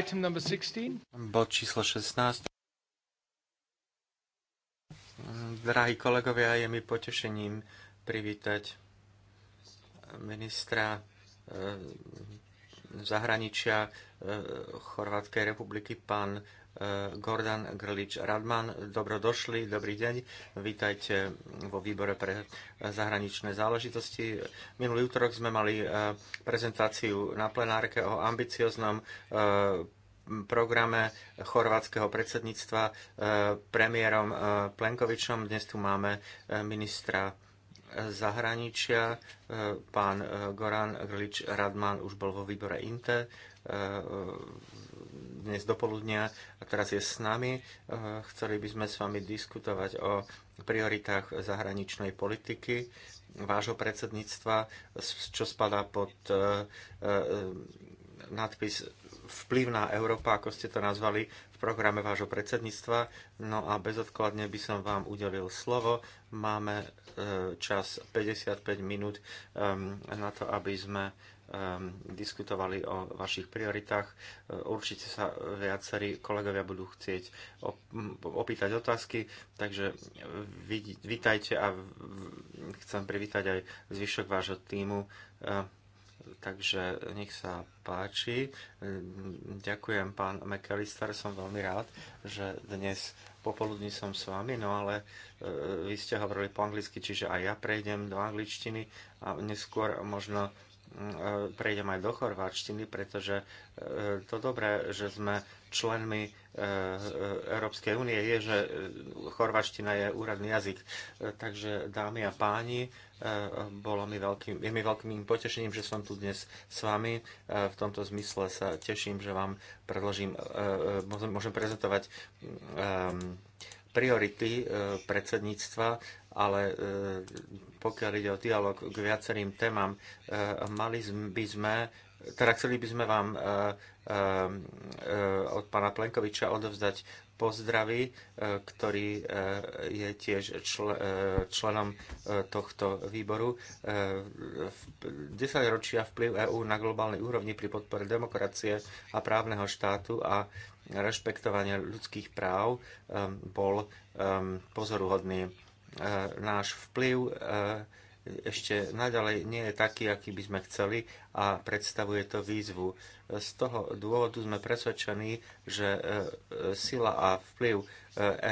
Item number 16. Bod číslo 16. Drahí kolegovia, je mi potešením privítať ministra eh, zahraničia eh, Chorvátskej republiky, pán E, Gordon Grlič Radman. Dobrodošli, dobrý deň. Vítajte vo výbore pre zahraničné záležitosti. Minulý útorok sme mali e, prezentáciu na plenárke o ambicioznom e, programe chorvátskeho predsedníctva premiérom Plenkovičom. Dnes tu máme ministra zahraničia. Pán Goran Grlič Radman už bol vo výbore INTE dnes dopoludnia, a teraz je s nami. E, chceli by sme s vami diskutovať o prioritách zahraničnej politiky vášho predsedníctva, čo spadá pod e, e, nadpis Vplyvná Európa, ako ste to nazvali v programe vášho predsedníctva. No a bezodkladne by som vám udelil slovo. Máme čas 55 minút na to, aby sme Ehm, diskutovali o vašich prioritách. Ehm, určite sa viacerí kolegovia budú chcieť opýtať otázky, takže vítajte a chcem privítať aj zvyšok vášho týmu. Ehm, takže nech sa páči. Ďakujem, pán McAllister, som veľmi rád, že dnes popoludní som s vami, no ale e, vy ste hovorili po anglicky, čiže aj ja prejdem do angličtiny a neskôr možno Mm, e, prejdem aj do chorváčtiny, pretože e, to dobré, že sme členmi e, Európskej únie, je, že chorváčtina je úradný jazyk. Takže dámy a páni, bolo mi veľkým, je mi veľkým potešením, že som tu dnes s vami. V tomto zmysle sa teším, že vám predložím, môžem prezentovať priority e, predsedníctva, ale e, pokiaľ ide o dialog k viacerým témam, e, mali by sme, teda chceli by sme vám od pána Plenkoviča odovzdať pozdravy, ktorý je tiež čl členom tohto výboru. V 10 ročia vplyv EÚ na globálnej úrovni pri podpore demokracie a právneho štátu a rešpektovania ľudských práv um, bol um, pozoruhodný. Uh, náš vplyv uh, ešte naďalej nie je taký, aký by sme chceli a predstavuje to výzvu. Z toho dôvodu sme presvedčení, že uh, sila a vplyv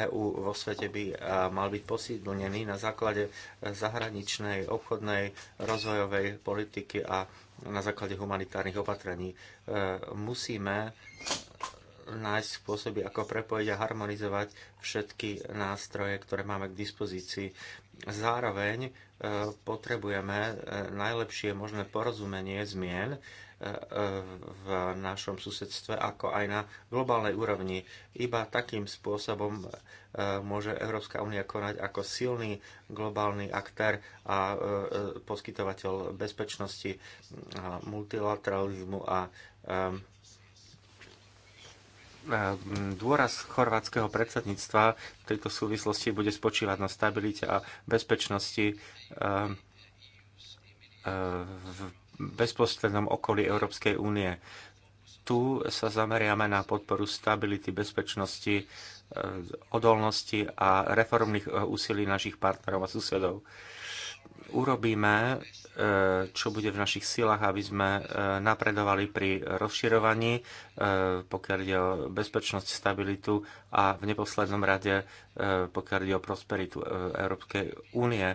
EÚ vo svete by mal byť posídlnený na základe zahraničnej, obchodnej, rozvojovej politiky a na základe humanitárnych opatrení. Musíme nájsť spôsoby, ako prepojiť a harmonizovať všetky nástroje, ktoré máme k dispozícii. Zároveň e, potrebujeme e, najlepšie možné porozumenie zmien e, v našom susedstve, ako aj na globálnej úrovni. Iba takým spôsobom môže Európska únia konať ako silný globálny aktér a poskytovateľ bezpečnosti, multilateralizmu a Dôraz chorvátskeho predsedníctva v tejto súvislosti bude spočívať na stabilite a bezpečnosti v bezprostrednom okolí Európskej únie. Tu sa zameriame na podporu stability, bezpečnosti, e, odolnosti a reformných e, úsilí našich partnerov a susedov urobíme, e, čo bude v našich silách, aby sme e, napredovali pri rozširovaní, e, pokiaľ ide o bezpečnosť, stabilitu a v neposlednom rade, pokiaľ ide o prosperitu Európskej únie.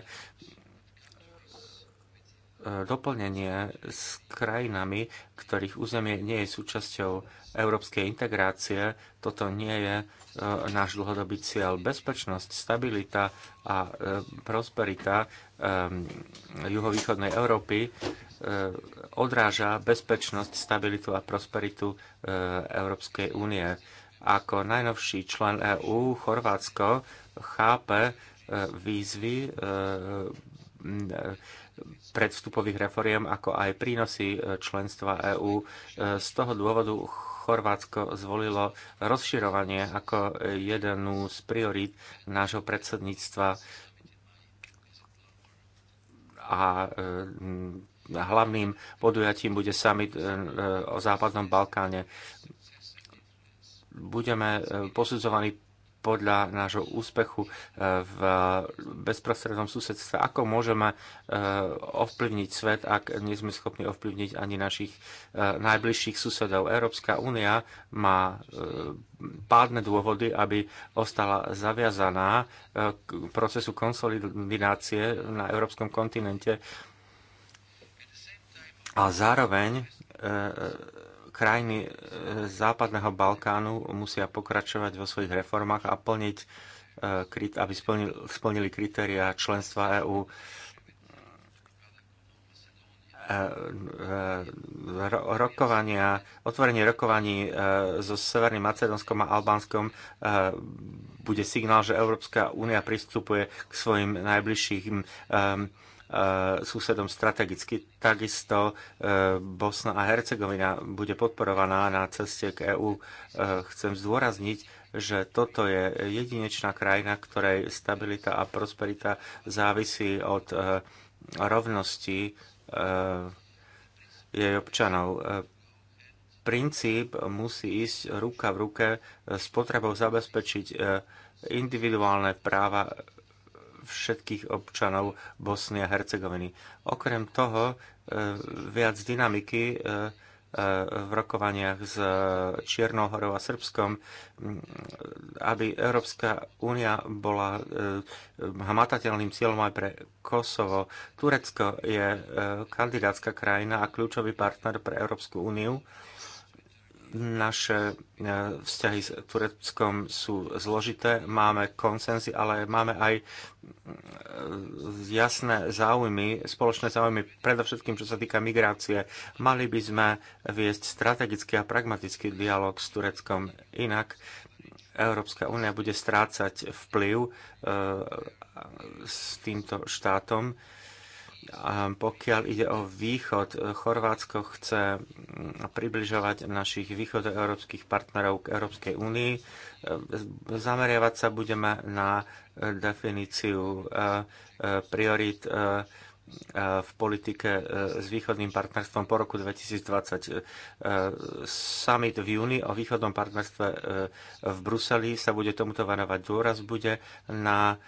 Eh, doplnenie s krajinami, ktorých územie nie je súčasťou európskej integrácie. Toto nie je eh, náš dlhodobý cieľ. Bezpečnosť, stabilita a eh, prosperita juhovýchodnej Európy odráža bezpečnosť, stabilitu a prosperitu Európskej únie. Ako najnovší člen EÚ Chorvátsko chápe výzvy predvstupových reforiem, ako aj prínosy e, členstva EÚ. E, z toho dôvodu Chorvátsko zvolilo rozširovanie ako jednu z priorít nášho predsedníctva a e, hlavným podujatím bude summit o Západnom Balkáne. Budeme posudzovaní podľa nášho úspechu e, v bezprostrednom susedstve. Ako môžeme e, ovplyvniť svet, ak nie sme schopní ovplyvniť ani našich e, najbližších susedov? Európska únia má pádne dôvody, aby ostala zaviazaná k procesu konsolidácie na európskom kontinente a zároveň krajiny e, západného Balkánu musia pokračovať vo svojich reformách a plniť, e, aby splnili, splnili kritéria členstva EÚ. E, rokovania, otvorenie rokovaní so Severným Macedónskom a Albánskom bude signál, že Európska únia pristupuje k svojim najbližším E, susedom strategicky. Takisto e, Bosna a Hercegovina bude podporovaná na ceste k EÚ. E, chcem zdôrazniť, že toto je jedinečná krajina, ktorej stabilita a prosperita závisí od rovnosti jej občanov princíp musí ísť ruka v ruke s potrebou zabezpečiť individuálne práva všetkých občanov Bosny a Hercegoviny. Okrem toho, e, viac dynamiky e, e, v rokovaniach s Čiernou horou a Srbskom, aby Európska únia bola hmatateľným cieľom aj pre Kosovo. Turecko je kandidátska krajina a kľúčový partner pre Európsku úniu. Naše e, vzťahy s Tureckom sú zložité, máme koncenzy, ale máme aj e, jasné záujmy, spoločné záujmy, predovšetkým čo sa týka migrácie. Mali by sme viesť strategický a pragmatický dialog s Tureckom, inak Európska únia bude strácať vplyv e, s týmto štátom a pokiaľ ide o východ, e, Chorvátsko chce mm, približovať našich východoeurópskych partnerov k Európskej únii. E, zameriavať sa budeme na e, definíciu priorit v politike e, s východným partnerstvom po roku 2020. E, summit v júni o východnom partnerstve e, v Bruseli sa bude tomuto venovať. Dôraz bude na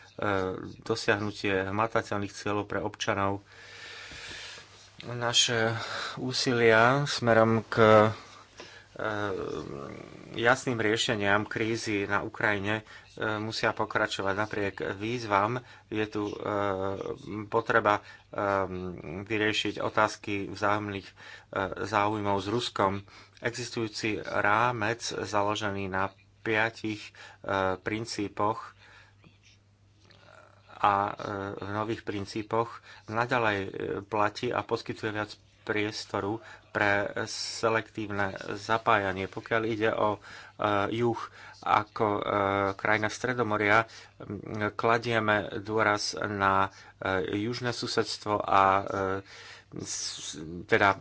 dosiahnutie hmatateľných cieľov pre občanov. Naše úsilia smerom k Ehm, jasným riešeniam krízy na Ukrajine ehm, musia pokračovať napriek výzvam. Je tu ehm, potreba vyriešiť otázky vzájomných záujmov s Ruskom. Existujúci rámec založený na piatich princípoch a v nových princípoch naďalej platí a poskytuje viac priestoru pre selektívne zapájanie. Pokiaľ ide o e, juh ako e, krajina Stredomoria, kladieme dôraz na e, južné susedstvo a teda e,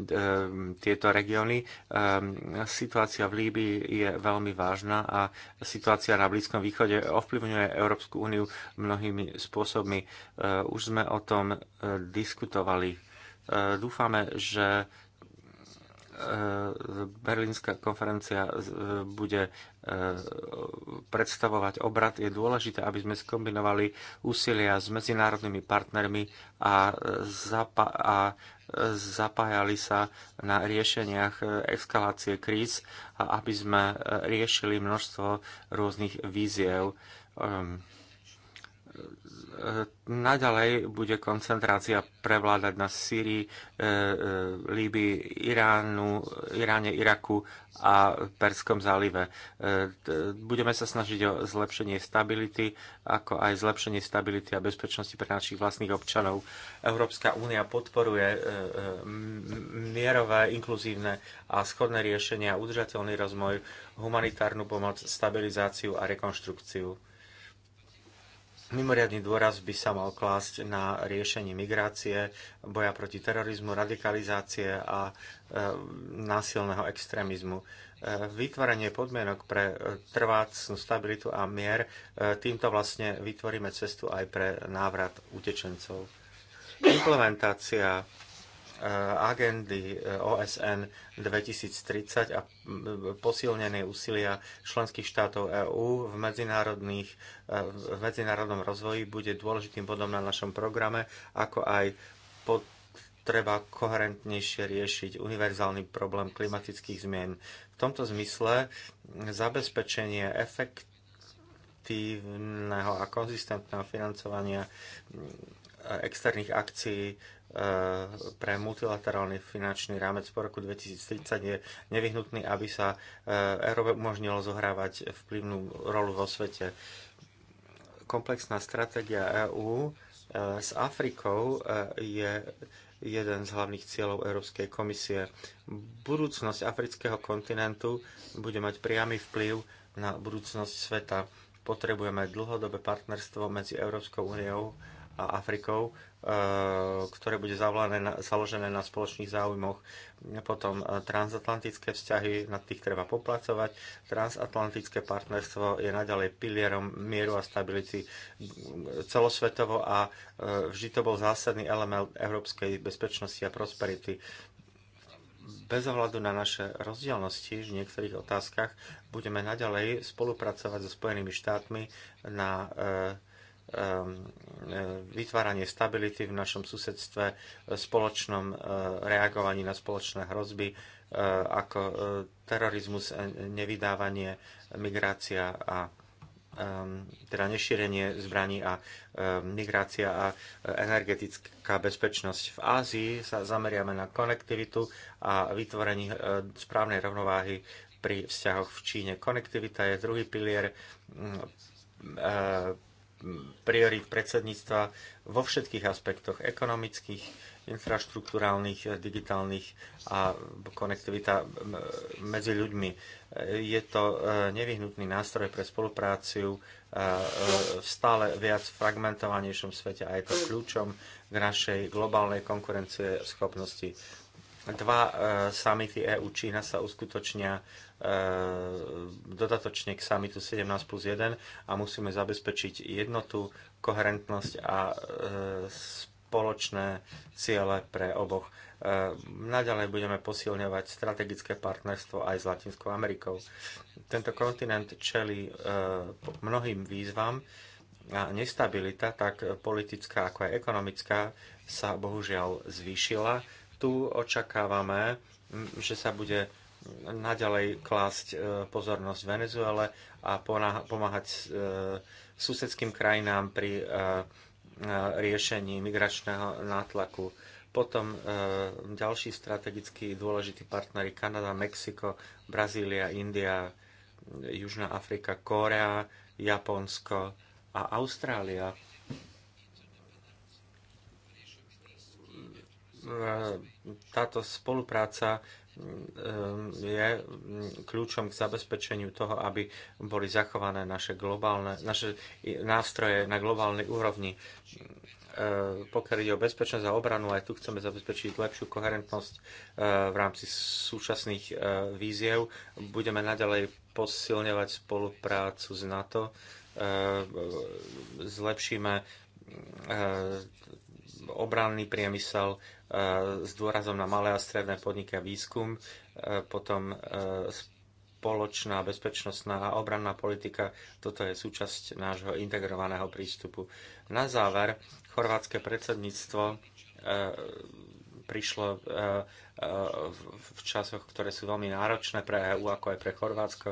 tieto regióny. E, situácia v Líbii je veľmi vážna a situácia na Blízkom východe ovplyvňuje Európsku úniu mnohými spôsobmi. E, už sme o tom diskutovali. Dúfame, že E, Berlínska konferencia e, bude e, predstavovať obrad, je dôležité, aby sme skombinovali úsilia s medzinárodnými partnermi a, zapa- a zapájali sa na riešeniach eskalácie kríz a aby sme riešili množstvo rôznych víziev. Ehm, naďalej bude koncentrácia prevládať na Syrii, e, e, Líbii, Iránu, Iráne, Iraku a Perskom zálive. E, budeme sa snažiť o zlepšenie stability, ako aj zlepšenie stability a bezpečnosti pre našich vlastných občanov. Európska únia podporuje mierové, inkluzívne a schodné riešenia, udržateľný rozvoj, humanitárnu pomoc, stabilizáciu a rekonštrukciu Mimoriadný dôraz by sa mal klásť na riešenie migrácie, boja proti terorizmu, radikalizácie a e, násilného extrémizmu. E, vytvorenie podmienok pre e, trvácnú stabilitu a mier, týmto vlastne vytvoríme cestu aj pre návrat utečencov. Implementácia Eh, agendy eh, OSN 2030 a mm, posilnené úsilia členských štátov EÚ v, eh, v medzinárodnom rozvoji bude dôležitým bodom na našom programe, ako aj potreba treba koherentnejšie riešiť univerzálny problém klimatických zmien. V tomto zmysle zabezpečenie efektívneho a konzistentného financovania mm, externých akcií E, pre multilaterálny finančný rámec po roku 2030 je nevyhnutný, aby sa e, Európe umožnilo zohrávať vplyvnú rolu vo svete. Komplexná stratégia EÚ e, s Afrikou je jeden z hlavných cieľov Európskej komisie. Budúcnosť afrického kontinentu bude mať priamy vplyv na budúcnosť sveta. Potrebujeme dlhodobé partnerstvo medzi Európskou úniou, a Afrikou, e, ktoré bude zavlané, založené na spoločných záujmoch. Potom e, transatlantické vzťahy, na tých treba poplacovať. Transatlantické partnerstvo je naďalej pilierom mieru a stability celosvetovo a e, vždy to bol zásadný element európskej bezpečnosti a prosperity bez ohľadu na naše rozdielnosti v niektorých otázkach budeme naďalej spolupracovať so Spojenými štátmi na Ehm, e, vytváranie stability v našom susedstve, e, spoločnom e, reagovaní na spoločné hrozby, ako terorizmus, nevydávanie, migrácia a ehm, teda nešírenie zbraní a migrácia a energetická bezpečnosť. V Ázii sa zameriame na konektivitu a vytvorení správnej rovnováhy pri vzťahoch v Číne. Konektivita je druhý pilier priorít predsedníctva vo všetkých aspektoch ekonomických, infraštruktúrálnych, eh, digitálnych a konektivita medzi ľuďmi. Eh, je to eh, nevyhnutný nástroj pre spolupráciu v stále viac fragmentovanejšom svete a je to kľúčom k našej globálnej konkurencie schopnosti. Dva samity EU-Čína sa uskutočnia E, dodatočne k samitu 17 plus 1 a musíme zabezpečiť jednotu, koherentnosť a e, spoločné ciele pre oboch. E, naďalej budeme posilňovať strategické partnerstvo aj s Latinskou Amerikou. Tento kontinent čelí mnohým výzvam a nestabilita, tak politická ako aj ekonomická, sa bohužiaľ zvýšila. Tu očakávame, že sa bude naďalej klásť e, pozornosť Venezuele a pomáhať e, susedským krajinám pri e, riešení migračného nátlaku. Potom ďalší strategicky dôležití partnery Kanada, Mexiko, Brazília, India, Južná Afrika, Kórea, Japonsko a Austrália. Táto spolupráca Ehm, je mm, kľúčom k zabezpečeniu toho, aby boli zachované naše, globálne, naše nástroje na globálnej úrovni. Ehm, pokiaľ ide o bezpečnosť a obranu, aj tu chceme zabezpečiť lepšiu koherentnosť ehm, v rámci súčasných víziev. Budeme naďalej posilňovať spoluprácu s NATO, zlepšíme obranný priemysel, s dôrazom na malé a stredné podniky a výskum, e, potom e, spoločná bezpečnostná a obranná politika, toto je súčasť nášho integrovaného prístupu. Na záver, chorvátske predsedníctvo e, prišlo v časoch, ktoré sú veľmi náročné pre EU, ako aj pre Chorvátsko.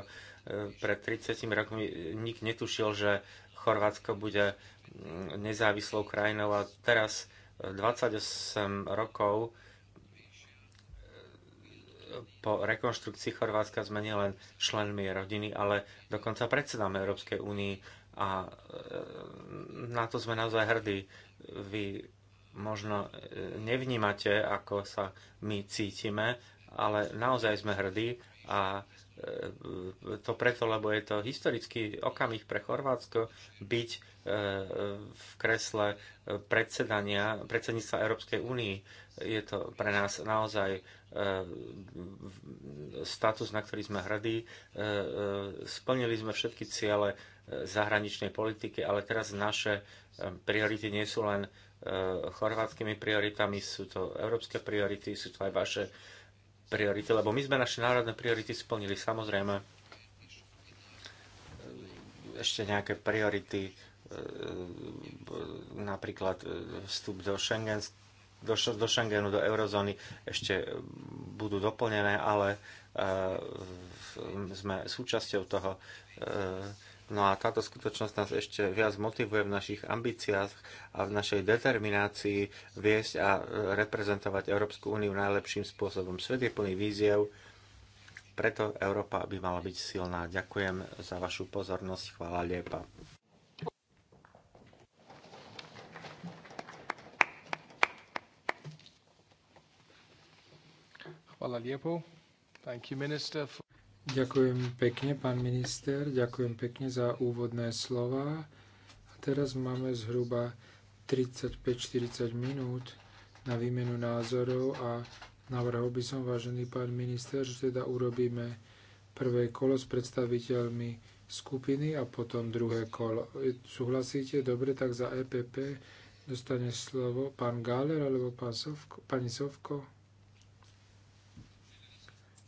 Pred 30 rokmi nik netušil, že Chorvátsko bude mm, nezávislou krajinou a teraz 28 rokov eh, po rekonštrukcii Chorvátska sme nielen členmi rodiny, ale dokonca predsedáme Európskej únii a eh, na to sme naozaj hrdí. Vy možno eh, nevnímate, ako sa my cítime, ale naozaj sme hrdí a to preto, lebo je to historický okamih pre Chorvátsko byť e, v kresle predsedania, predsedníctva Európskej únii. Je to pre nás naozaj e, status, na ktorý sme hrdí. E, splnili sme všetky ciele zahraničnej politiky, ale teraz naše priority nie sú len chorvátskymi prioritami, sú to európske priority, sú to aj vaše priority, lebo my sme naše národné priority splnili. Samozrejme, ešte nejaké priority, e, napríklad e, vstup do, Schengen, do, do Schengenu, do eurozóny, ešte budú doplnené, ale e, sme súčasťou toho No a táto skutočnosť nás ešte viac motivuje v našich ambíciách a v našej determinácii viesť a e, reprezentovať Európsku úniu najlepším spôsobom. Svet je plný víziev, preto Európa by mala byť silná. Ďakujem za vašu pozornosť. Chvála liepa. Chvála lijepo. Thank you, Minister. For... Ďakujem pekne, pán minister, ďakujem pekne za úvodné slova. A teraz máme zhruba 35-40 minút na výmenu názorov a navrhol by som, vážený pán minister, že teda urobíme prvé kolo s predstaviteľmi skupiny a potom druhé kolo. E, súhlasíte? Dobre, tak za EPP dostane slovo pán Gáler alebo pán Sovko, pani Sovko.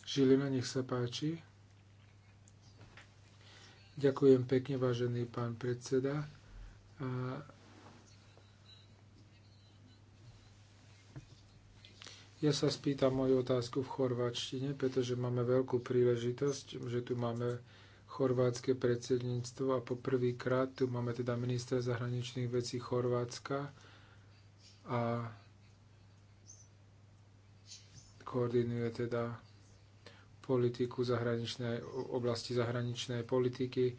Žilina, nech sa páči. Ďakujem pekne, vážený pán predseda. ja sa spýtam moju otázku v chorváčtine, pretože máme veľkú príležitosť, že tu máme chorvátske predsedníctvo a poprvýkrát tu máme teda ministra zahraničných vecí Chorvátska a koordinuje teda politiku zahraničnej, oblasti zahraničnej politiky,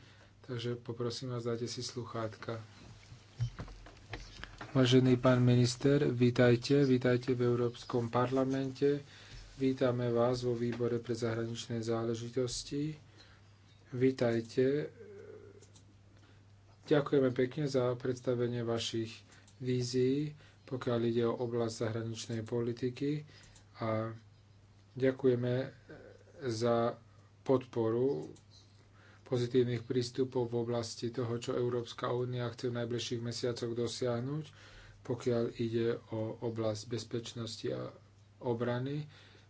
takže poprosím vás, dajte si sluchátka. Vážený pán minister, vítajte, vítajte v Európskom parlamente. Vítame vás vo výbore pre zahraničné záležitosti. Vítajte. Ďakujeme pekne za predstavenie vašich vízií, pokiaľ ide o oblasť zahraničnej politiky a ďakujeme za podporu pozitívnych prístupov v oblasti toho, čo Európska únia chce v najbližších mesiacoch dosiahnuť, pokiaľ ide o oblasť bezpečnosti a obrany.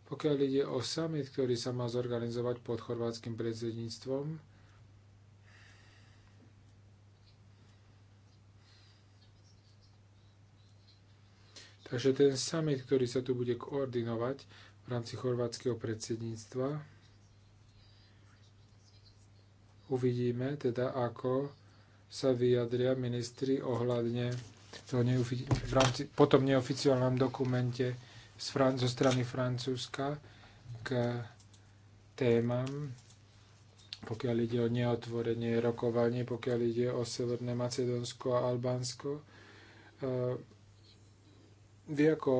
Pokiaľ ide o summit, ktorý sa má zorganizovať pod chorvátskym predsedníctvom, Takže ten summit, ktorý sa tu bude koordinovať, v rámci chorvátskeho predsedníctva. Uvidíme teda, ako sa vyjadria ministri ohľadne toho v rámci, potom neoficiálnom dokumente z Fran- zo strany Francúzska k témam, pokiaľ ide o neotvorenie rokovanie, pokiaľ ide o Severné Macedónsko a Albánsko. E, vy ako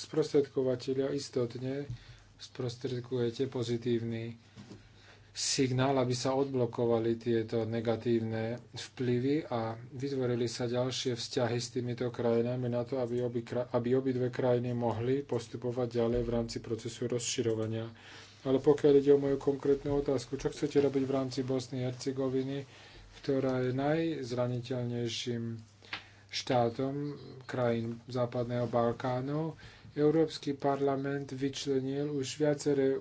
sprostredkovateľia istotne sprostredkujete pozitívny signál, aby sa odblokovali tieto negatívne vplyvy a vytvorili sa ďalšie vzťahy s týmito krajinami na to, aby, obi, aby obidve krajiny mohli postupovať ďalej v rámci procesu rozširovania. Ale pokiaľ ide o moju konkrétnu otázku, čo chcete robiť v rámci Bosny a Hercegoviny, ktorá je najzraniteľnejším štátom krajín Západného Balkánu, Európsky parlament vyčlenil už viaceré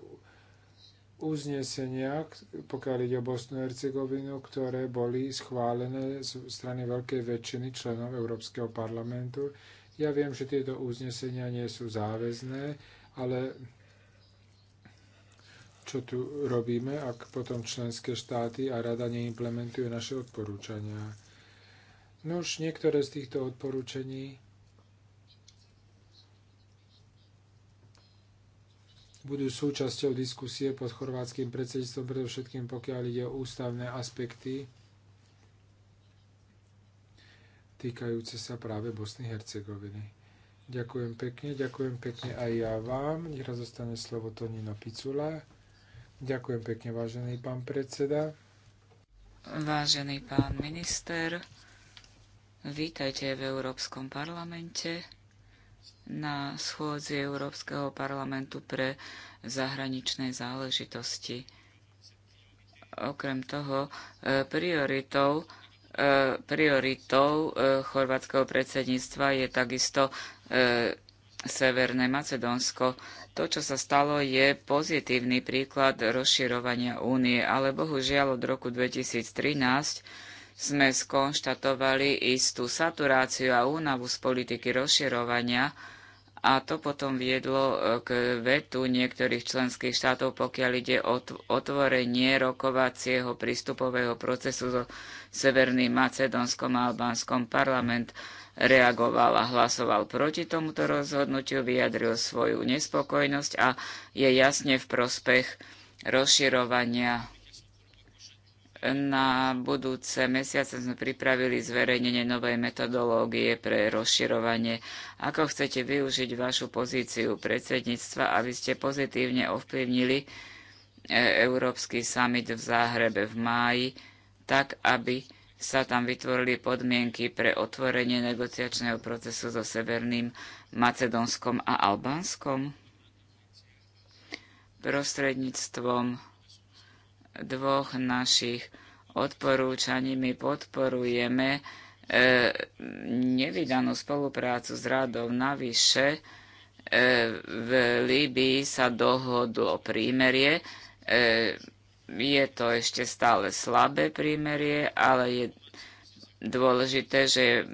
uznesenia, pokiaľ ide o Bosnu a Hercegovinu, ktoré boli schválené z strany veľkej väčšiny členov Európskeho parlamentu. Ja viem, že tieto uznesenia nie sú záväzné, ale čo tu robíme, ak potom členské štáty a rada neimplementujú naše odporúčania? No už niektoré z týchto odporúčaní budú súčasťou diskusie pod chorvátským predsedníctvom, predovšetkým pokiaľ ide o ústavné aspekty týkajúce sa práve Bosny Hercegoviny. Ďakujem pekne, ďakujem pekne aj ja vám. raz zostane slovo Tonino Picula. Ďakujem pekne, vážený pán predseda. Vážený pán minister, vítajte v Európskom parlamente na schôdzi Európskeho parlamentu pre zahraničné záležitosti. Okrem toho, e, prioritou, e, prioritou e, chorvátskeho predsedníctva je takisto Severné Macedónsko. To, čo sa stalo, je pozitívny príklad rozširovania únie, ale bohužiaľ od roku 2013 sme skonštatovali istú saturáciu a únavu z politiky rozširovania a to potom viedlo e, k vetu niektorých členských štátov, pokiaľ ide o otvorenie rokovacieho prístupového procesu so Severným Macedónskom a Albánskom parlament reagoval a hlasoval proti tomuto rozhodnutiu, vyjadril svoju nespokojnosť a je jasne v prospech rozširovania na budúce mesiace sme pripravili zverejnenie novej metodológie pre rozširovanie. Ako chcete využiť vašu pozíciu predsedníctva, aby ste pozitívne ovplyvnili e, Európsky summit v Záhrebe v máji, tak aby sa tam vytvorili podmienky pre otvorenie negociačného procesu so Severným Macedónskom a Albánskom? Prostredníctvom dvoch našich odporúčaní my podporujeme e, nevydanú spoluprácu s radou. Navyše e, v Líbii sa dohodlo prímerie. E, je to ešte stále slabé prímerie, ale je dôležité, že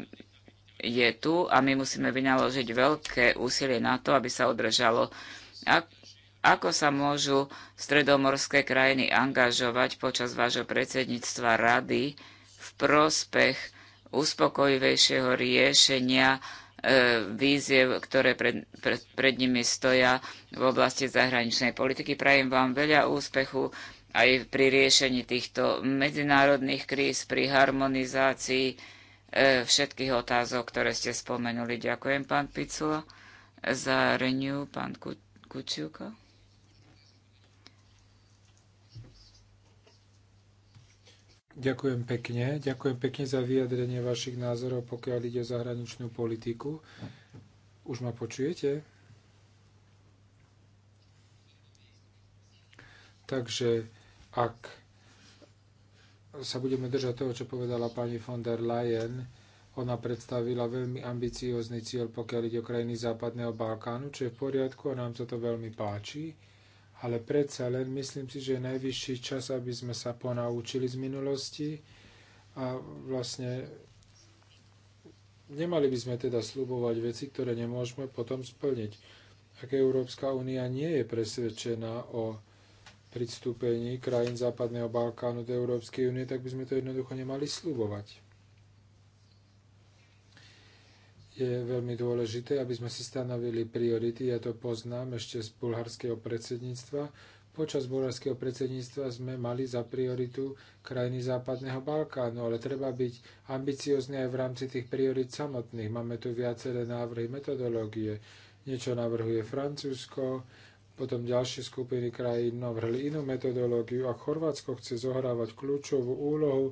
je tu a my musíme vynaložiť veľké úsilie na to, aby sa održalo. A ako sa môžu stredomorské krajiny angažovať počas vášho predsedníctva rady v prospech uspokojivejšieho riešenia e, víziev, ktoré pred, pred, pred nimi stoja v oblasti zahraničnej politiky. Prajem vám veľa úspechu aj pri riešení týchto medzinárodných kríz, pri harmonizácii e, všetkých otázok, ktoré ste spomenuli. Ďakujem, pán Picula, za Renew, pán Kuč. Kučiuka. Ďakujem pekne. Ďakujem pekne za vyjadrenie vašich názorov, pokiaľ ide o zahraničnú politiku. Už ma počujete? Takže ak sa budeme držať toho, čo povedala pani von der Leyen, ona predstavila veľmi ambiciózny cieľ, pokiaľ ide o krajiny Západného Balkánu, čo je v poriadku a nám sa to veľmi páči ale predsa len myslím si, že je najvyšší čas, aby sme sa ponaučili z minulosti a vlastne nemali by sme teda slubovať veci, ktoré nemôžeme potom splniť. Ak Európska únia nie je presvedčená o pristúpení krajín Západného Balkánu do Európskej únie, tak by sme to jednoducho nemali slubovať. je veľmi dôležité, aby sme si stanovili priority. Ja to poznám ešte z bulharského predsedníctva. Počas bulharského predsedníctva sme mali za prioritu krajiny Západného Balkánu, ale treba byť ambiciozný aj v rámci tých priorit samotných. Máme tu viaceré návrhy metodológie. Niečo navrhuje Francúzsko, potom ďalšie skupiny krajín navrhli inú metodológiu a Chorvátsko chce zohrávať kľúčovú úlohu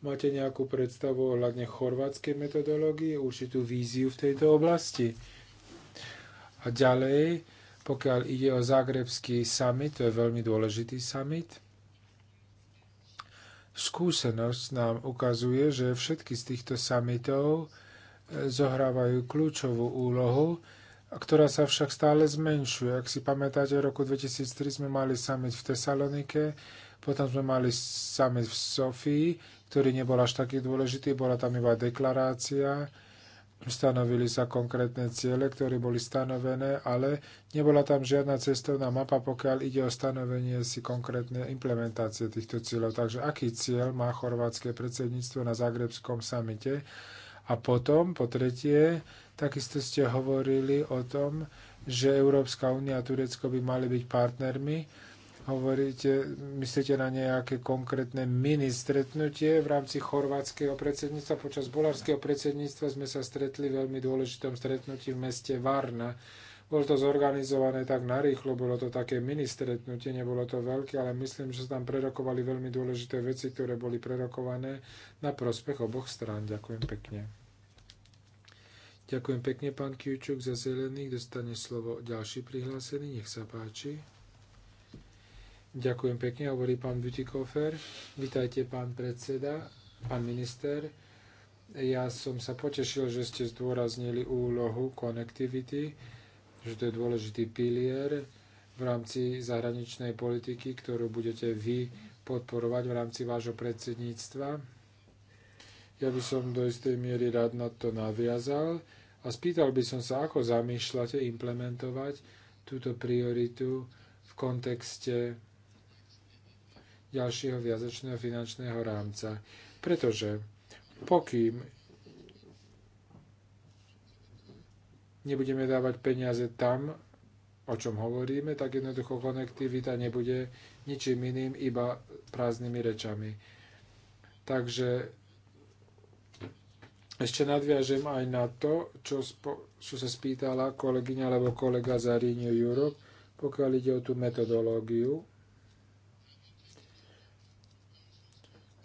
Máte nejakú predstavu ohľadne chorvátskej metodológie, určitú víziu v tejto oblasti? A ďalej, pokiaľ ide o Zagrebský summit, to je veľmi dôležitý summit, skúsenosť nám ukazuje, že všetky z týchto summitov e, zohrávajú kľúčovú úlohu, ktorá sa však stále zmenšuje. Ak si pamätáte, v roku 2003 sme mali summit v Tesalonike, potom sme mali summit v Sofii, ktorý nebol až taký dôležitý, bola tam iba deklarácia, stanovili sa konkrétne ciele, ktoré boli stanovené, ale nebola tam žiadna cestovná mapa, pokiaľ ide o stanovenie si konkrétne implementácie týchto cieľov. Takže aký cieľ má chorvátske predsedníctvo na Zagrebskom samite? A potom, po tretie, takisto ste hovorili o tom, že Európska únia a Turecko by mali byť partnermi hovoríte, myslíte na nejaké konkrétne mini stretnutie v rámci chorvátskeho predsedníctva. Počas bolárského predsedníctva sme sa stretli v veľmi dôležitom stretnutí v meste Varna. Bolo to zorganizované tak narýchlo, bolo to také mini stretnutie, nebolo to veľké, ale myslím, že sa tam prerokovali veľmi dôležité veci, ktoré boli prerokované na prospech oboch strán. Ďakujem pekne. Ďakujem pekne, pán Kiučuk, za zelených. Dostane slovo ďalší prihlásený. Nech sa páči. Ďakujem pekne, hovorí pán Butikofer. Vítajte, pán predseda, pán minister. Ja som sa potešil, že ste zdôraznili úlohu connectivity, že to je dôležitý pilier v rámci zahraničnej politiky, ktorú budete vy podporovať v rámci vášho predsedníctva. Ja by som do istej miery rád na to naviazal a spýtal by som sa, ako zamýšľate implementovať túto prioritu v kontekste ďalšieho viazečného finančného rámca. Pretože pokým nebudeme dávať peniaze tam, o čom hovoríme, tak jednoducho konektivita nebude ničím iným, iba prázdnymi rečami. Takže ešte nadviažem aj na to, čo, spo, čo sa spýtala kolegyňa alebo kolega za Renew Europe, pokiaľ ide o tú metodológiu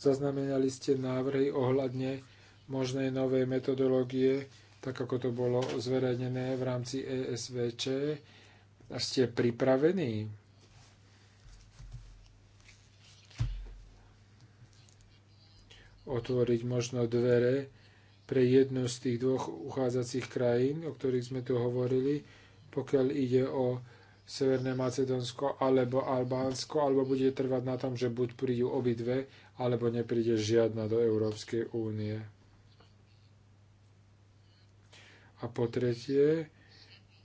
Zaznamenali ste návrhy ohľadne možnej novej metodológie, tak ako to bolo zverejnené v rámci ESVČ. A ste pripravení? Otvoriť možno dvere pre jednu z tých dvoch uchádzacích krajín, o ktorých sme tu hovorili, pokiaľ ide o Severné Macedónsko alebo Albánsko, alebo bude trvať na tom, že buď prídu obidve, alebo nepríde žiadna do Európskej únie. A po tretie,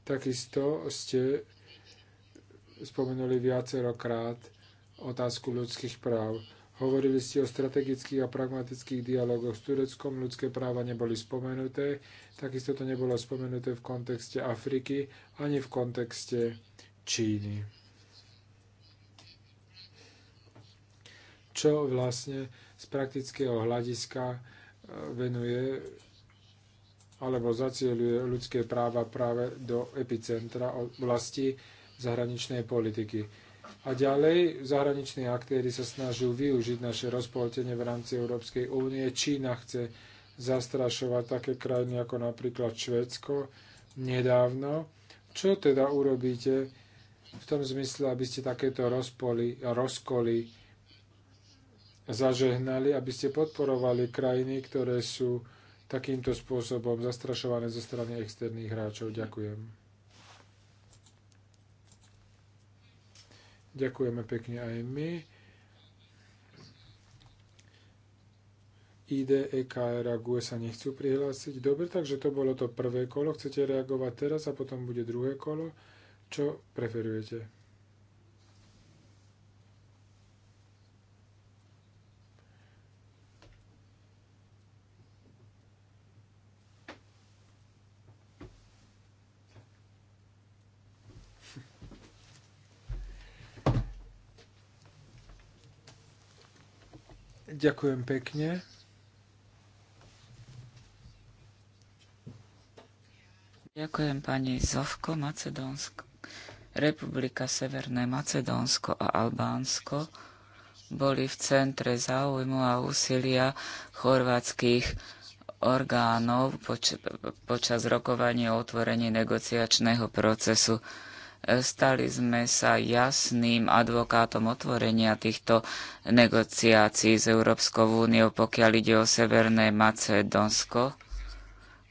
takisto ste spomenuli viacerokrát otázku ľudských práv. Hovorili ste o strategických a pragmatických dialogoch s Tureckom, ľudské práva neboli spomenuté, takisto to nebolo spomenuté v kontexte Afriky ani v kontexte Číny. Čo vlastne z praktického hľadiska e, venuje alebo zacieluje ľudské práva práve do epicentra oblasti zahraničnej politiky. A ďalej zahraniční aktéry sa snažia využiť naše rozpoltenie v rámci Európskej únie. Čína chce zastrašovať také krajiny ako napríklad Švédsko nedávno. Čo teda urobíte v tom zmysle, aby ste takéto rozpoly, rozkoly zažehnali, aby ste podporovali krajiny, ktoré sú takýmto spôsobom zastrašované zo strany externých hráčov. Ďakujem. Ďakujeme pekne aj my. ID, EKR a GUE sa nechcú prihlásiť. Dobre, takže to bolo to prvé kolo. Chcete reagovať teraz a potom bude druhé kolo. Čo preferujete? Ďakujem pekne. Ďakujem pani Zovko, Macedónsko. Republika Severné Macedónsko a Albánsko boli v centre záujmu a úsilia chorvátskych orgánov poč- počas rokovania o otvorení negociačného procesu. Stali sme sa jasným advokátom otvorenia týchto negociácií s Európskou úniou, pokiaľ ide o Severné Macedónsko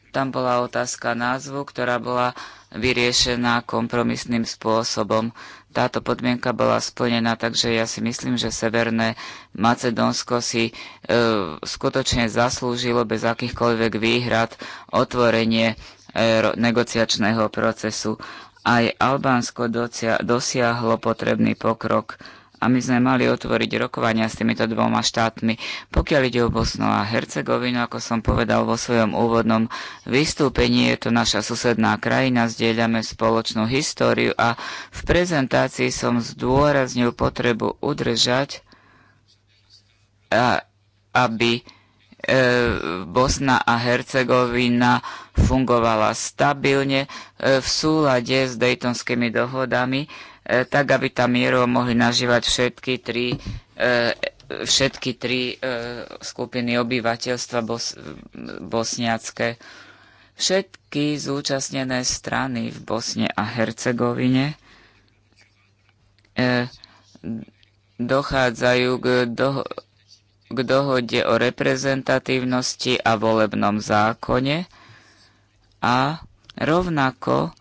tam bola otázka názvu, ktorá bola vyriešená kompromisným spôsobom. Táto podmienka bola splnená, takže ja si myslím, že Severné Macedónsko si e, skutočne zaslúžilo bez akýchkoľvek výhrad otvorenie e, negociačného procesu. Aj Albánsko dosia dosiahlo potrebný pokrok a my sme mali otvoriť rokovania s týmito dvoma štátmi. Pokiaľ ide o Bosnu a Hercegovinu, ako som povedal vo svojom úvodnom vystúpení, je to naša susedná krajina, zdieľame spoločnú históriu a v prezentácii som zdôraznil potrebu udržať, a, aby e, Bosna a Hercegovina fungovala stabilne e, v súlade s Daytonskými dohodami, E, tak aby tam mierou mohli nažívať všetky tri, e, všetky tri e, skupiny obyvateľstva bos, bosniacké. Všetky zúčastnené strany v Bosne a Hercegovine dochádzajú k, do, k dohode o reprezentatívnosti a volebnom zákone a rovnako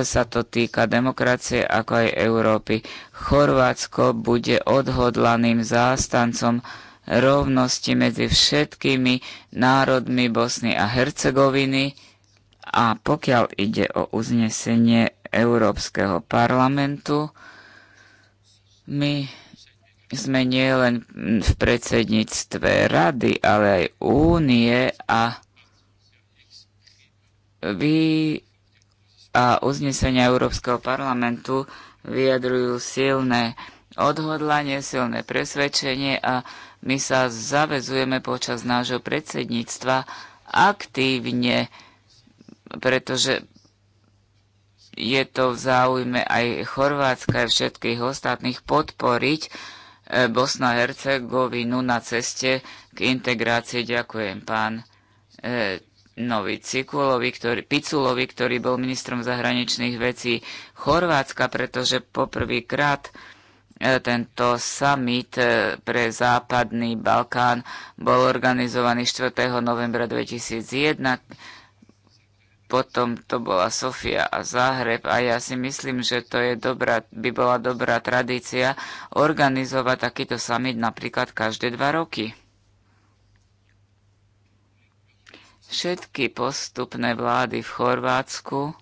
sa to týka demokracie ako aj Európy. Chorvátsko bude odhodlaným zástancom rovnosti medzi všetkými národmi Bosny a Hercegoviny a pokiaľ ide o uznesenie Európskeho parlamentu, my sme nielen v predsedníctve rady, ale aj únie a vy a uznesenia Európskeho parlamentu vyjadrujú silné odhodlanie, silné presvedčenie a my sa zavezujeme počas nášho predsedníctva aktívne, pretože je to v záujme aj Chorvátska a všetkých ostatných podporiť e, Bosna Hercegovinu na ceste k integrácii. Ďakujem, pán e, Novi Cikulovi, ktorý, Piculovi, ktorý bol ministrom zahraničných vecí Chorvátska, pretože poprvýkrát e, tento summit e, pre západný Balkán bol organizovaný 4. novembra 2001. Potom to bola Sofia a Záhreb a ja si myslím, že to je dobrá, by bola dobrá tradícia organizovať takýto summit napríklad každé dva roky. Všetky postupné vlády v Chorvátsku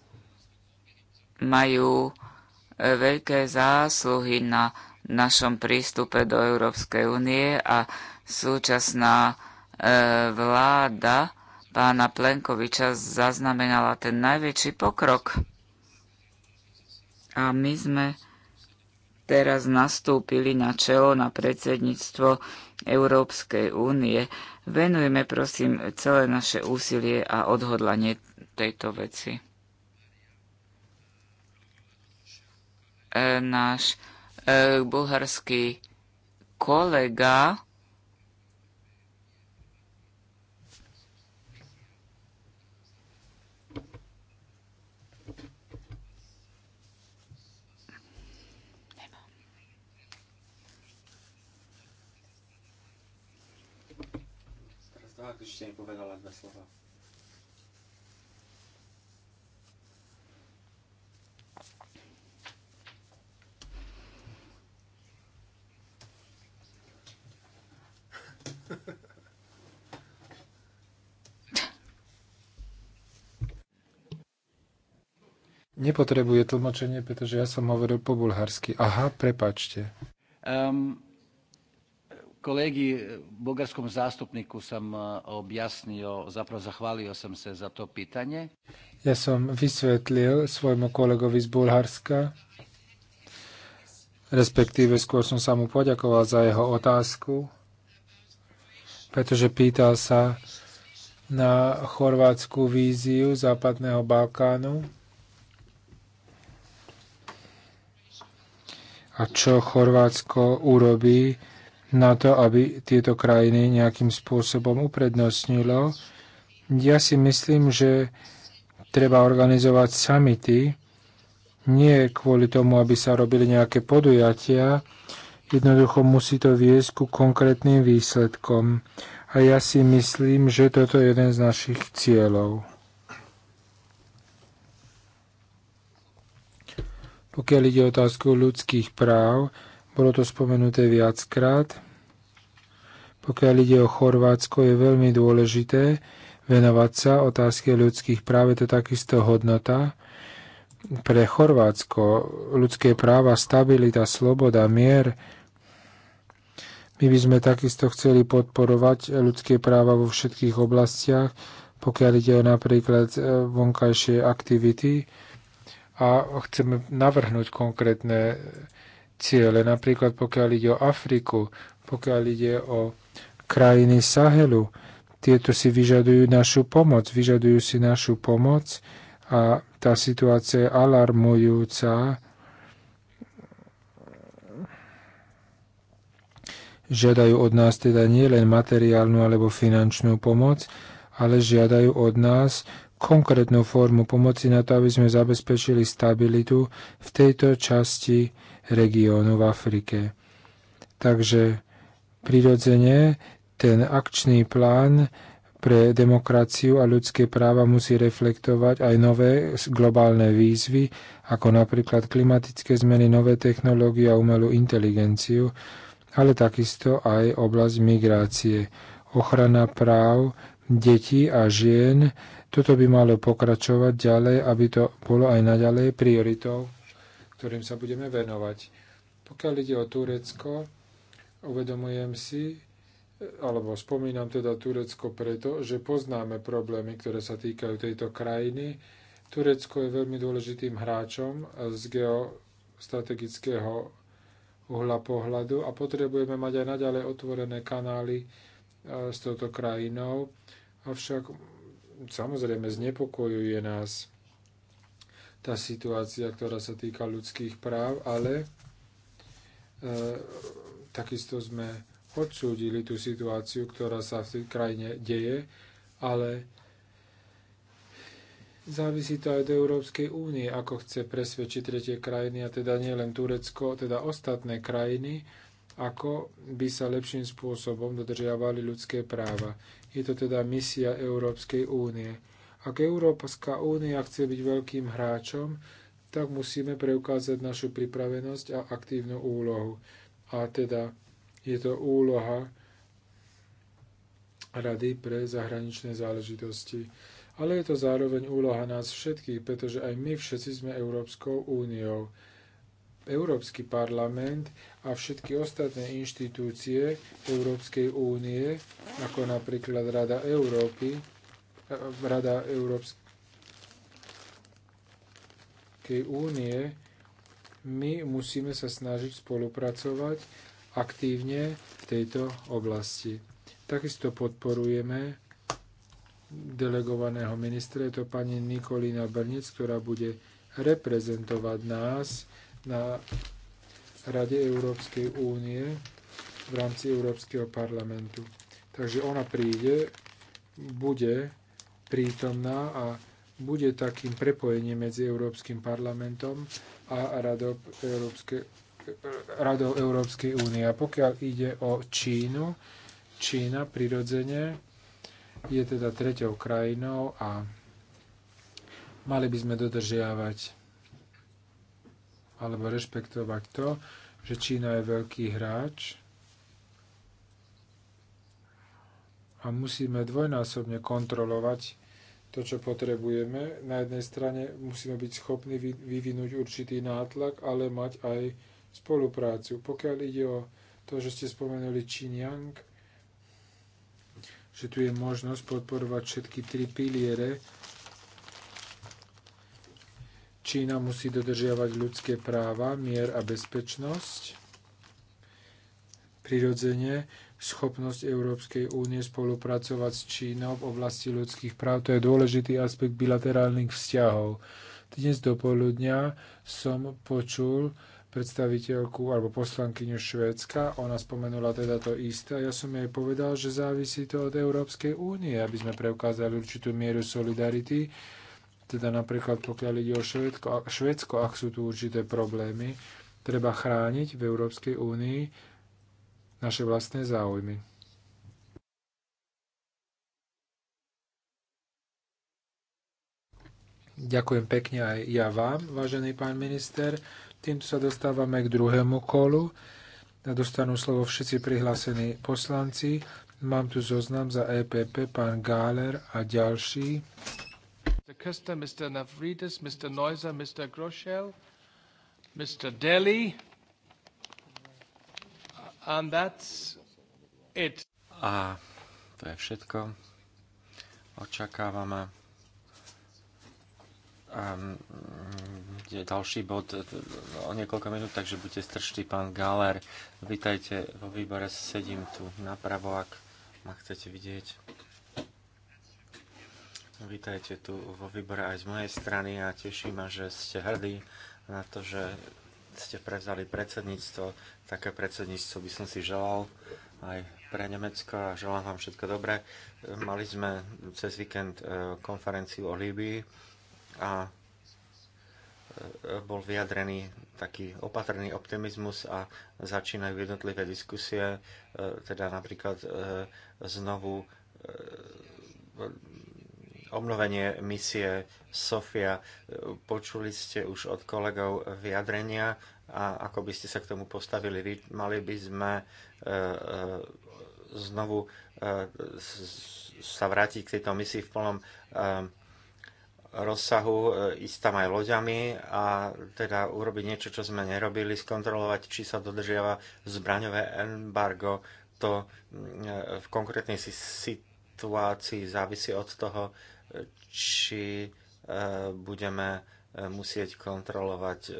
majú e, veľké zásluhy na našom prístupe do Európskej únie a súčasná e, vláda pána Plenkoviča zaznamenala ten najväčší pokrok. A my sme teraz nastúpili na čelo na predsedníctvo Európskej únie. Venujme prosím celé naše úsilie a odhodlanie tejto veci. E, náš e, bulharský kolega Nepotrebuje tlmočenie, pretože ja som hovoril po bulharsky. Aha, prepačte. Um, kolegi, bugarskom zástupniku som eh, objasnil, zapravo zachválil som sa za to pýtanie. Ja som vysvetlil svojmu kolegovi z Bulharska, respektíve skôr som sa mu poďakoval za jeho otázku pretože pýtal sa na chorvátsku víziu Západného Balkánu a čo Chorvátsko urobí na to, aby tieto krajiny nejakým spôsobom uprednostnilo. Ja si myslím, že treba organizovať samity, nie kvôli tomu, aby sa robili nejaké podujatia, Jednoducho musí to viesť ku konkrétnym výsledkom. A ja si myslím, že toto je jeden z našich cieľov. Pokiaľ ide o otázku ľudských práv, bolo to spomenuté viackrát. Pokiaľ ide o Chorvátsko, je veľmi dôležité venovať sa otázke ľudských práv. Je to takisto hodnota, pre Chorvátsko ľudské práva, stabilita, sloboda, mier my by sme takisto chceli podporovať ľudské práva vo všetkých oblastiach, pokiaľ ide o napríklad e, vonkajšie aktivity a chceme navrhnúť konkrétne e, ciele, napríklad pokiaľ ide o Afriku, pokiaľ ide o krajiny Sahelu. Tieto si vyžadujú našu pomoc, vyžadujú si našu pomoc a tá situácia je alarmujúca Žiadajú od nás teda nie len materiálnu alebo finančnú pomoc, ale žiadajú od nás konkrétnu formu pomoci na to, aby sme zabezpečili stabilitu v tejto časti regiónu v Afrike. Takže prirodzene ten akčný plán pre demokraciu a ľudské práva musí reflektovať aj nové globálne výzvy, ako napríklad klimatické zmeny, nové technológie a umelú inteligenciu, ale takisto aj oblasť migrácie, ochrana práv detí a žien. Toto by malo pokračovať ďalej, aby to bolo aj naďalej prioritou, ktorým sa budeme venovať. Pokiaľ ide o Turecko, uvedomujem si, alebo spomínam teda Turecko preto, že poznáme problémy, ktoré sa týkajú tejto krajiny. Turecko je veľmi dôležitým hráčom z geostrategického uhla pohľadu a potrebujeme mať aj naďalej otvorené kanály e, s touto krajinou. Avšak samozrejme znepokojuje nás tá situácia, ktorá sa týka ľudských práv, ale e, takisto sme odsúdili tú situáciu, ktorá sa v tej krajine deje, ale Závisí to aj od Európskej únie, ako chce presvedčiť tretie krajiny, a teda nie len Turecko, teda ostatné krajiny, ako by sa lepším spôsobom dodržiavali ľudské práva. Je to teda misia Európskej únie. Ak Európska únia chce byť veľkým hráčom, tak musíme preukázať našu pripravenosť a aktívnu úlohu. A teda je to úloha Rady pre zahraničné záležitosti ale je to zároveň úloha nás všetkých, pretože aj my všetci sme Európskou úniou. Európsky parlament a všetky ostatné inštitúcie Európskej únie, ako napríklad Rada Európy, e, Rada Európskej únie, my musíme sa snažiť spolupracovať aktívne v tejto oblasti. Takisto podporujeme delegovaného ministra. Je to pani Nikolina Brnic, ktorá bude reprezentovať nás na Rade Európskej únie v rámci Európskeho parlamentu. Takže ona príde, bude prítomná a bude takým prepojením medzi Európskym parlamentom a Radou Európskej, Radou Európskej únie. A pokiaľ ide o Čínu, Čína prirodzene je teda treťou krajinou a mali by sme dodržiavať alebo rešpektovať to, že Čína je veľký hráč a musíme dvojnásobne kontrolovať to, čo potrebujeme. Na jednej strane musíme byť schopní vyvinúť určitý nátlak, ale mať aj spoluprácu. Pokiaľ ide o to, že ste spomenuli Číňang, že tu je možnosť podporovať všetky tri piliere. Čína musí dodržiavať ľudské práva, mier a bezpečnosť. Prirodzene schopnosť Európskej únie spolupracovať s Čínou v oblasti ľudských práv. To je dôležitý aspekt bilaterálnych vzťahov. Dnes do poludnia som počul, predstaviteľku alebo poslankyňu Švédska. Ona spomenula teda to isté. a Ja som jej povedal, že závisí to od Európskej únie, aby sme preukázali určitú mieru solidarity. Teda napríklad pokiaľ ide o Švédsko, Švédsko ak sú tu určité problémy, treba chrániť v Európskej únii naše vlastné záujmy. Ďakujem pekne aj ja vám, vážený pán minister. Týmto sa dostávame k druhému kolu. Dostanú slovo všetci prihlásení poslanci. Mám tu zoznam za EPP, pán Gáler a ďalší. Mr. Kuster, Mr. Navridis, Mr. Neuser, Mr. Groschel, Mr. Deli. And that's it. A to je všetko. Očakávame Ehm, je ďalší bod e, o niekoľko minút, takže buďte strčtí, pán Galer. Vítajte vo výbore, sedím tu napravo, ak ma chcete vidieť. Vítajte tu vo výbore aj z mojej strany a teší ma, že ste hrdí na to, že ste prevzali predsedníctvo. Také predsedníctvo by som si želal aj pre Nemecko a želám vám všetko dobré. Mali sme cez víkend e, konferenciu o Líbii a e, bol vyjadrený taký opatrný optimizmus a začínajú jednotlivé diskusie, e, teda napríklad e, znovu obnovenie misie Sofia. Počuli ste už od kolegov vyjadrenia a ako by ste sa k tomu postavili vy, mali by sme znovu sa vrátiť k tejto misii v plnom rozsahu, e, ísť tam aj loďami a teda urobiť niečo, čo sme nerobili, skontrolovať, či sa dodržiava zbraňové embargo. To e, v konkrétnej situácii závisí od toho, či e, budeme musieť kontrolovať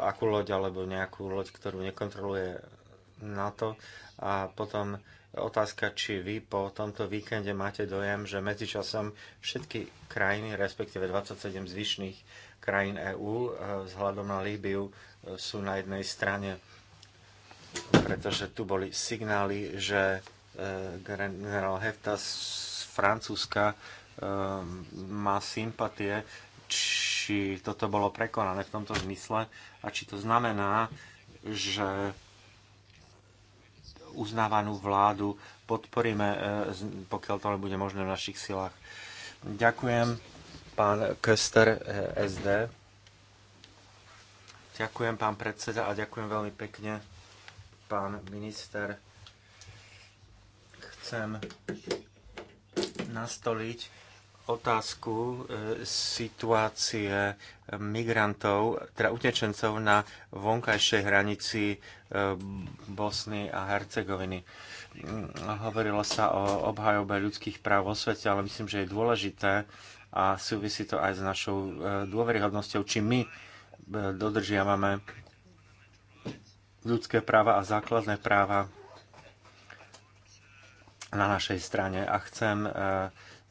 akú loď alebo nejakú loď, ktorú nekontroluje NATO a potom Otázka, či vy po tomto víkende máte dojem, že medzičasom všetky krajiny, respektíve 27 zvyšných krajín EÚ eh, vzhľadom na Líbiu eh, sú na jednej strane, pretože tu boli signály, že eh, generál Hefta z Francúzska má sympatie, či toto bolo prekonané v tomto zmysle a či to znamená, že uznávanú vládu podporíme, e, pokiaľ to bude možné v našich silách. Ďakujem, pán Köster e, SD. Ďakujem, pán predseda, a ďakujem veľmi pekne, pán minister. Chcem nastoliť otázku e, situácie e, migrantov, teda utečencov na vonkajšej hranici e, Bosny a Hercegoviny. Mm, hovorilo sa o obhajobe ľudských práv vo svete, ale myslím, že je dôležité a súvisí to aj s našou dôveryhodnosťou, či my dodržiavame ľudské práva a základné práva na našej strane. A chcem uh,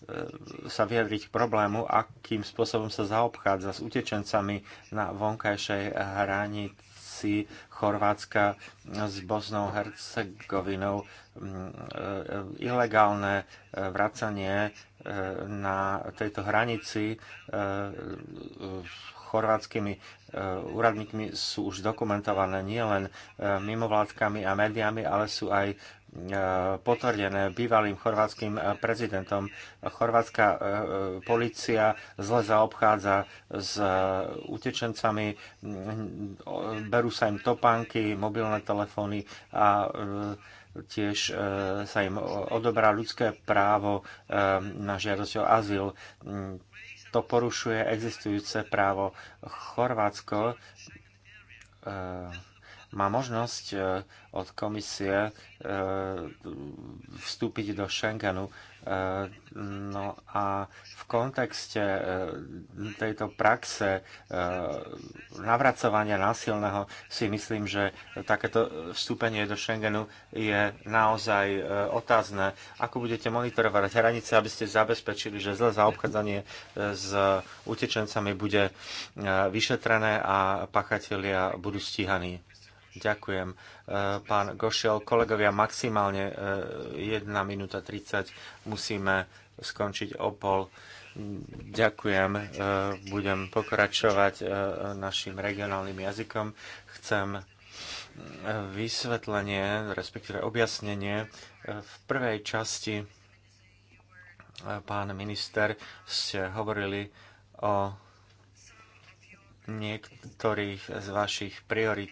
E, sa vyjadriť k problému, akým spôsobom sa zaobchádza s utečencami na vonkajšej hranici Chorvátska s Bosnou Hercegovinou. Mm, e, ilegálne e, vracanie na tejto hranici chorvátskymi úradníkmi sú už dokumentované nielen mimovládkami a médiami, ale sú aj E, potvrdené bývalým chorvátským e, prezidentom. Chorvátska e, policia zle zaobchádza s utečencami, berú sa im topánky, mobilné telefóny a tiež sa im odobrá ľudské právo na žiadosť o azyl. To porušuje existujúce právo. Chorvátsko má možnosť e, od komisie e, vstúpiť do Schengenu. E, no a v kontexte tejto praxe navracovania násilného si myslím, že takéto vstúpenie do Schengenu je naozaj otázne. Ako budete monitorovať hranice, aby ste zabezpečili, že zle zaobchádzanie s utečencami bude vyšetrené a pachatelia budú stíhaní? Ďakujem. E, pán Gošel, kolegovia, maximálne 1 e, minúta 30 musíme skončiť o pol. Ďakujem. E, budem pokračovať našim regionálnym jazykom. Chcem vysvetlenie, respektíve objasnenie. V prvej časti, pán minister, ste hovorili o niektorých z vašich priorit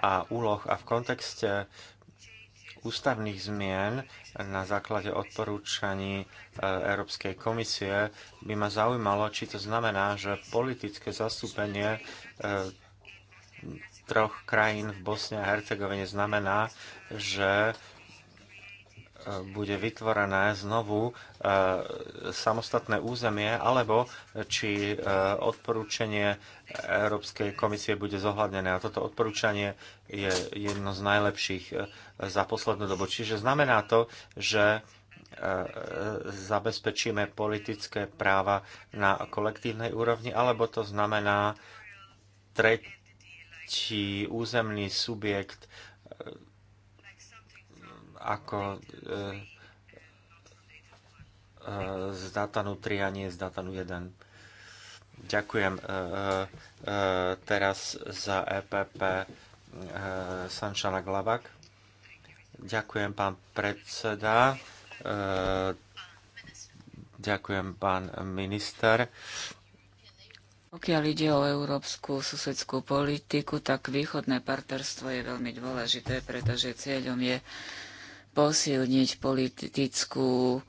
a úloh a v kontexte ústavných zmien na základe odporúčaní e, Európskej komisie by ma zaujímalo, či to znamená, že politické zastúpenie e, troch krajín v Bosne a Hercegovine znamená, že bude vytvorené znovu e, samostatné územie, alebo či e, odporúčanie Európskej komisie bude zohľadnené. A toto odporúčanie je jedno z najlepších e, za poslednú dobu. Čiže znamená to, že zabezpečíme politické práva na kolektívnej úrovni, alebo to znamená tretí územný subjekt ako e, e, z Datanu 3 a nie z Datanu 1. Ďakujem e, teraz za EPP Sančana Glavak. Ďakujem, pán predseda. Ďakujem, pán minister. Pokiaľ ide o európsku susedskú politiku, tak východné partnerstvo je veľmi dôležité, pretože cieľom je posilniť politickú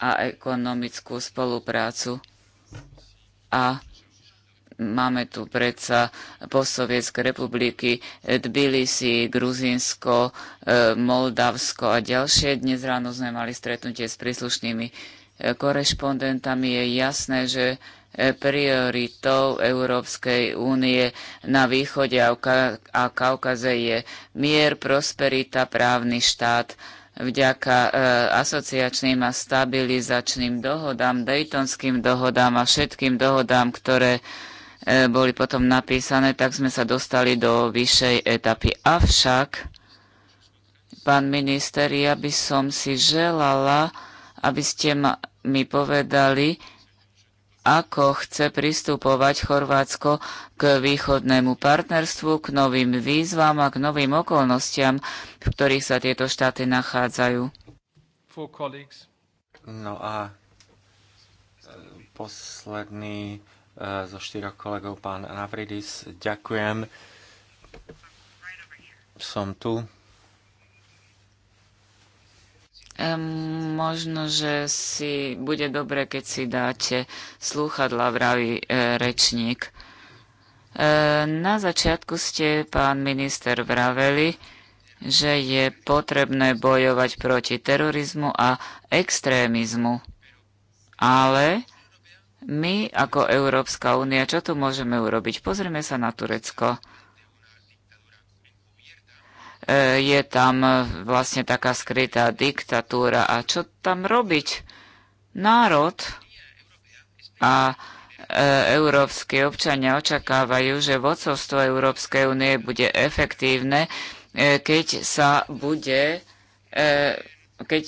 a ekonomickú spoluprácu. A máme tu predsa postsovietské republiky Tbilisi, Gruzinsko, e, Moldavsko a ďalšie. Dnes ráno sme mali stretnutie s príslušnými e, korešpondentami. Je jasné, že e, prioritou Európskej únie na východe a Kaukaze je mier, prosperita, právny štát vďaka e, asociačným a stabilizačným dohodám, Daytonským dohodám a všetkým dohodám, ktoré e, boli potom napísané, tak sme sa dostali do vyššej etapy. Avšak, pán minister, ja by som si želala, aby ste mi povedali, ako chce pristupovať Chorvátsko k východnému partnerstvu, k novým výzvam a k novým okolnostiam, v ktorých sa tieto štáty nachádzajú. No a e, posledný e, zo štyroch kolegov, pán Navridis, ďakujem. Som tu možno, že si bude dobre, keď si dáte slúchadla, vraví e, rečník. E, na začiatku ste, pán minister, vraveli, že je potrebné bojovať proti terorizmu a extrémizmu. Ale my ako Európska únia, čo tu môžeme urobiť? Pozrime sa na Turecko. E, je tam e, vlastne taká skrytá diktatúra. A čo tam robiť? Národ a e, európske občania očakávajú, že vodcovstvo Európskej únie bude efektívne, keď sa bude keď,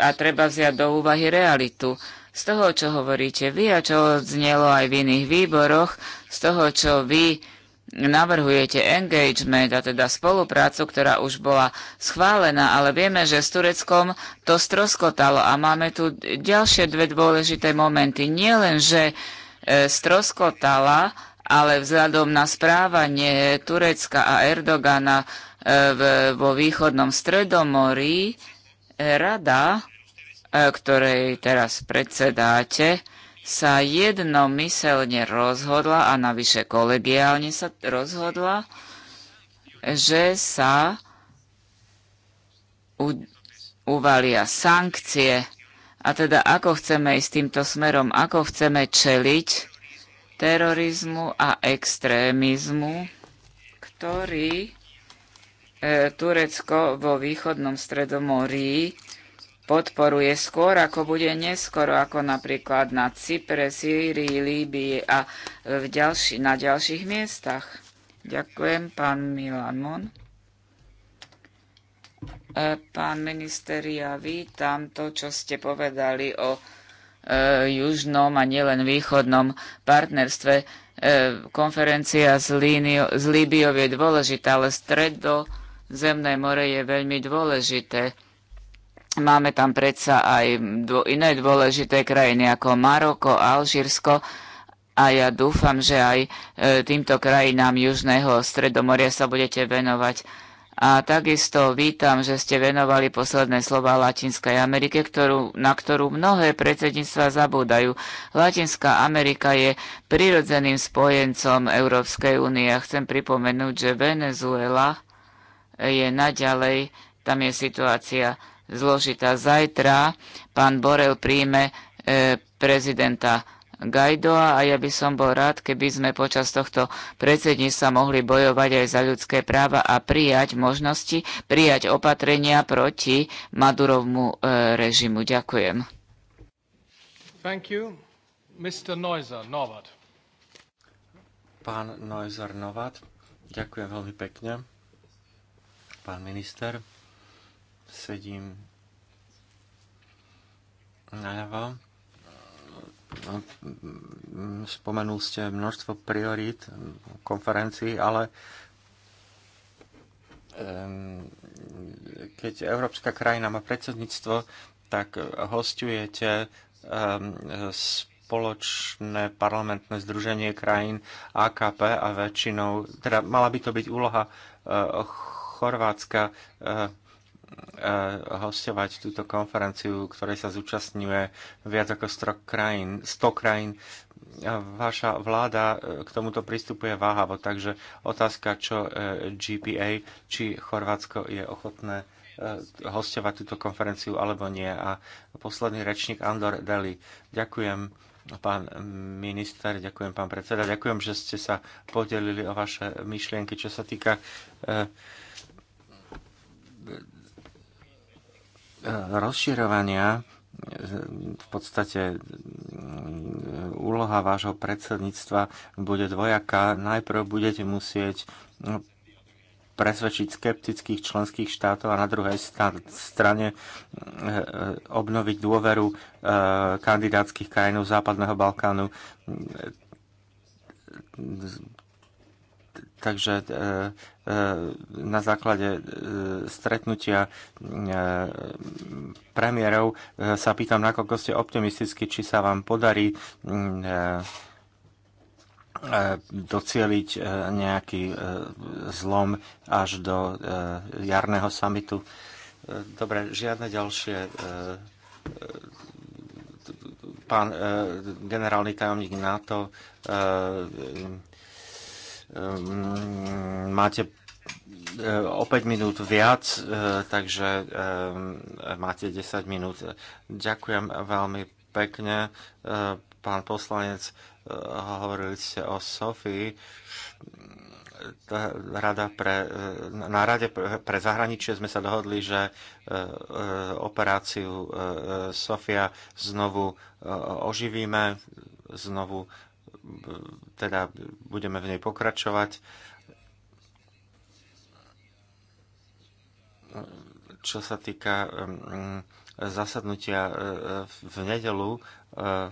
a treba vziať do úvahy realitu. Z toho, čo hovoríte vy a čo odznelo aj v iných výboroch, z toho, čo vy navrhujete engagement, a teda spoluprácu, ktorá už bola schválená, ale vieme, že s Tureckom to stroskotalo a máme tu ďalšie dve dôležité momenty. Nie len, že e, stroskotala, ale vzhľadom na správanie Turecka a Erdogana e, vo východnom stredomorí, e, rada, ktorej teraz predsedáte, sa jednomyselne rozhodla a navyše kolegiálne sa rozhodla, že sa uvalia sankcie. A teda ako chceme ísť týmto smerom, ako chceme čeliť terorizmu a extrémizmu, ktorý e, Turecko vo východnom stredomorí podporuje skôr, ako bude neskoro, ako napríklad na Cypre, Sýrii, Líbii a v ďalši, na ďalších miestach. Ďakujem, pán Milan Mon. E, pán minister, ja vítam to, čo ste povedali o e, južnom a nielen východnom partnerstve. E, konferencia z, Línio, z Líbiou je dôležitá, ale stredo Zemné more je veľmi dôležité Máme tam predsa aj iné dôležité krajiny ako Maroko, Alžírsko a ja dúfam, že aj e, týmto krajinám Južného Stredomoria sa budete venovať. A takisto vítam, že ste venovali posledné slova Latinskej Amerike, ktorú, na ktorú mnohé predsedníctva zabúdajú. Latinská Amerika je prirodzeným spojencom Európskej únie. A chcem pripomenúť, že Venezuela je naďalej, tam je situácia zložitá. Zajtra pán Borel príjme e, prezidenta Gajdoa a ja by som bol rád, keby sme počas tohto predsedníctva mohli bojovať aj za ľudské práva a prijať možnosti, prijať opatrenia proti Madurovmu e, režimu. Ďakujem. Thank you. Mr. Neuser, Norbert. Pán Neuser Novat, ďakujem veľmi pekne. Pán minister sedím naľavo. No, spomenul ste množstvo priorít konferencií, ale keď európska krajina má predsedníctvo, tak hostujete spoločné parlamentné združenie krajín AKP a väčšinou, teda mala by to byť úloha eh, Chorvátska eh, Eh, hostovať túto konferenciu, ktorej sa zúčastňuje viac ako 100 krajín. 100 krajín. Vaša vláda eh, k tomuto prístupuje váhavo, takže otázka, čo eh, GPA, či Chorvátsko je ochotné hostovať túto konferenciu alebo nie. A posledný rečník Andor Deli. Ďakujem, pán minister, ďakujem, pán predseda, ďakujem, že ste sa podelili o vaše myšlienky, čo sa týka eh, rozširovania v podstate mm, úloha vášho predsedníctva bude dvojaká. Najprv budete musieť no, presvedčiť skeptických členských štátov a na druhej strane e, e, obnoviť dôveru e, kandidátskych krajín Západného Balkánu Takže e, e, na základe e, stretnutia premiérov sa pýtam, nakoľko ste optimisticky, či sa vám podarí docieliť nejaký zlom až do jarného samitu. Dobre, žiadne ďalšie. Pán generálny tajomník NATO Ehm, máte eh, o 5 minút viac, eh, takže ehm, máte 10 minút. Ďakujem veľmi pekne, eh, pán poslanec. Hovorili ste o Sofii. Rada pre, na Rade pre zahraničie sme sa dohodli, že operáciu Sofia znovu oživíme, znovu teda budeme v nej pokračovať. Čo sa týka um, um, zasadnutia uh, uh, v nedelu, uh,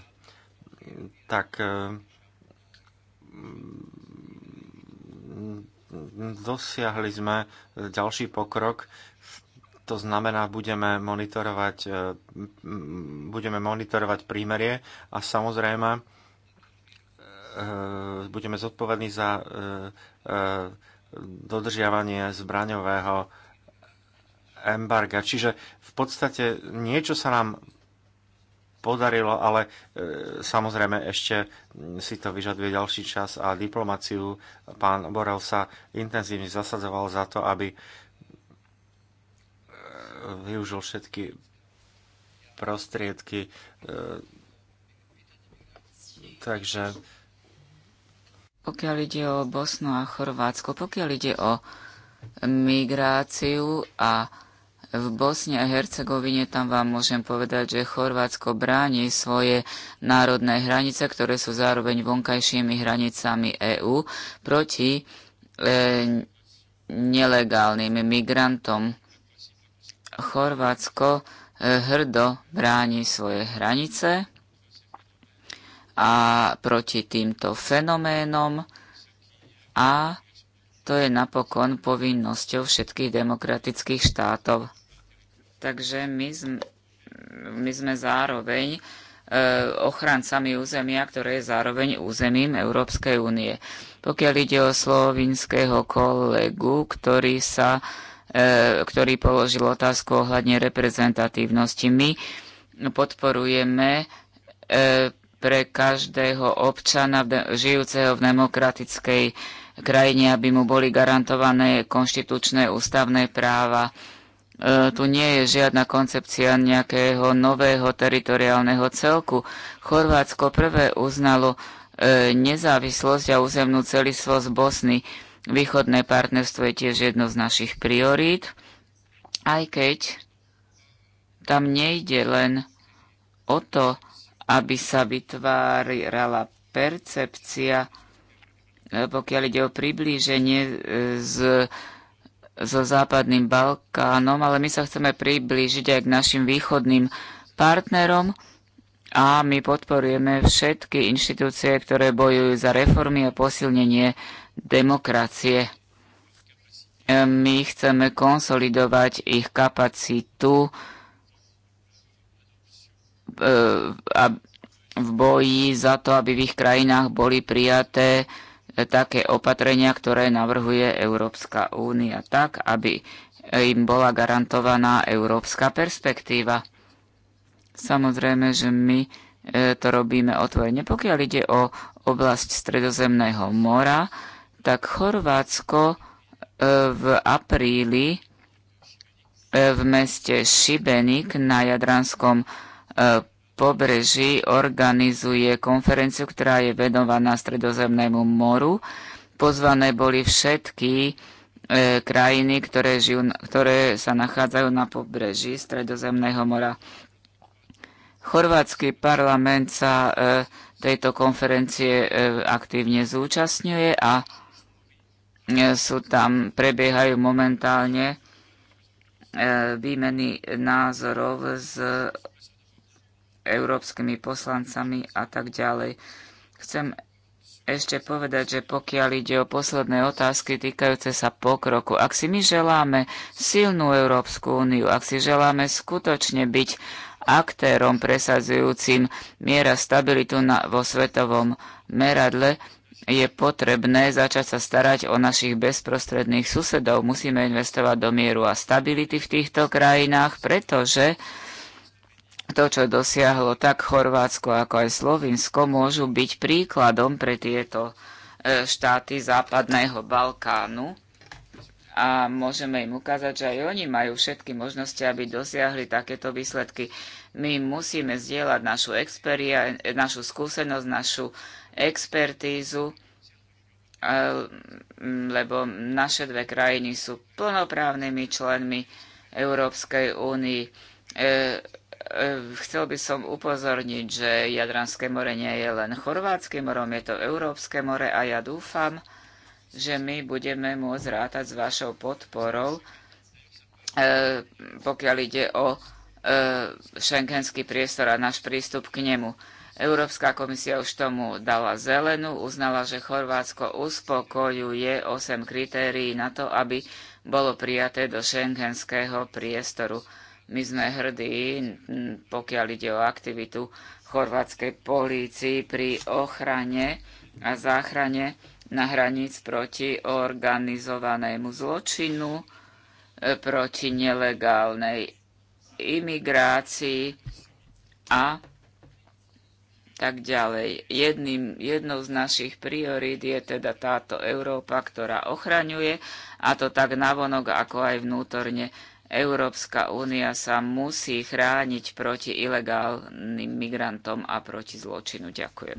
tak um, dosiahli sme ďalší pokrok. To znamená, budeme monitorovať, budeme monitorovať prímerie a samozrejme Eh, budeme zodpovední za eh, eh, dodržiavanie zbraňového embarga. Čiže v podstate niečo sa nám podarilo, ale e, samozrejme ešte si to vyžaduje ďalší čas a diplomáciu. Pán Borel sa intenzívne zasadzoval za to, aby využil všetky prostriedky. E, takže pokiaľ ide o Bosnu a Chorvátsko, pokiaľ ide o migráciu a v Bosne a Hercegovine tam vám môžem povedať, že Chorvátsko bráni svoje národné hranice, ktoré sú zároveň vonkajšími hranicami EÚ proti e, nelegálnym migrantom. Chorvátsko e, hrdo bráni svoje hranice a proti týmto fenoménom a to je napokon povinnosťou všetkých demokratických štátov. Takže my sme, my sme zároveň e, ochrancami územia, ktoré je zároveň územím Európskej únie. Pokiaľ ide o slovinského kolegu, ktorý, sa, e, ktorý položil otázku ohľadne reprezentatívnosti, my podporujeme e, pre každého občana žijúceho v demokratickej krajine, aby mu boli garantované konštitučné ústavné práva. E, tu nie je žiadna koncepcia nejakého nového teritoriálneho celku. Chorvátsko prvé uznalo e, nezávislosť a územnú celistvosť Bosny. Východné partnerstvo je tiež jedno z našich priorít, aj keď tam nejde len o to, aby sa vytvárala percepcia, e, pokiaľ ide o priblíženie e, z, so západným Balkánom, ale my sa chceme priblížiť aj k našim východným partnerom a my podporujeme všetky inštitúcie, ktoré bojujú za reformy a posilnenie demokracie. E, my chceme konsolidovať ich kapacitu, v boji za to, aby v ich krajinách boli prijaté také opatrenia, ktoré navrhuje Európska únia, tak, aby im bola garantovaná európska perspektíva. Samozrejme, že my e, to robíme otvorene. Pokiaľ ide o oblasť Stredozemného mora, tak Chorvátsko e, v apríli e, v meste Šibenik na Jadranskom pobreží organizuje konferenciu, ktorá je venovaná Stredozemnému moru. Pozvané boli všetky e, krajiny, ktoré, žijú, ktoré sa nachádzajú na pobreží Stredozemného mora. Chorvátsky parlament sa e, tejto konferencie e, aktívne zúčastňuje a sú tam, prebiehajú momentálne výmeny názorov z európskymi poslancami a tak ďalej. Chcem ešte povedať, že pokiaľ ide o posledné otázky týkajúce sa pokroku, ak si my želáme silnú Európsku úniu, ak si želáme skutočne byť aktérom presadzujúcim miera stabilitu na, vo svetovom meradle, je potrebné začať sa starať o našich bezprostredných susedov. Musíme investovať do mieru a stability v týchto krajinách, pretože to, čo dosiahlo tak Chorvátsko ako aj Slovinsko, môžu byť príkladom pre tieto e, štáty západného Balkánu a môžeme im ukázať, že aj oni majú všetky možnosti, aby dosiahli takéto výsledky. My musíme zdieľať našu, našu skúsenosť, našu expertízu, e, lebo naše dve krajiny sú plnoprávnymi členmi Európskej únii. E, Ehm, chcel by som upozorniť, že Jadranské more nie je len chorvátskym morom, je to Európske more a ja dúfam, že my budeme môcť rátať s vašou podporou, ehm, pokiaľ ide o ehm, šengenský priestor a náš prístup k nemu. Európska komisia už tomu dala zelenú, uznala, že Chorvátsko uspokojuje 8 kritérií na to, aby bolo prijaté do šengenského priestoru. My sme hrdí, pokiaľ ide o aktivitu chorvátskej polícii pri ochrane a záchrane na hraníc proti organizovanému zločinu, e, proti nelegálnej imigrácii a tak ďalej. Jedným, jednou z našich priorít je teda táto Európa, ktorá ochraňuje, a to tak navonok, ako aj vnútorne. Európska únia sa musí chrániť proti ilegálnym migrantom a proti zločinu. Ďakujem.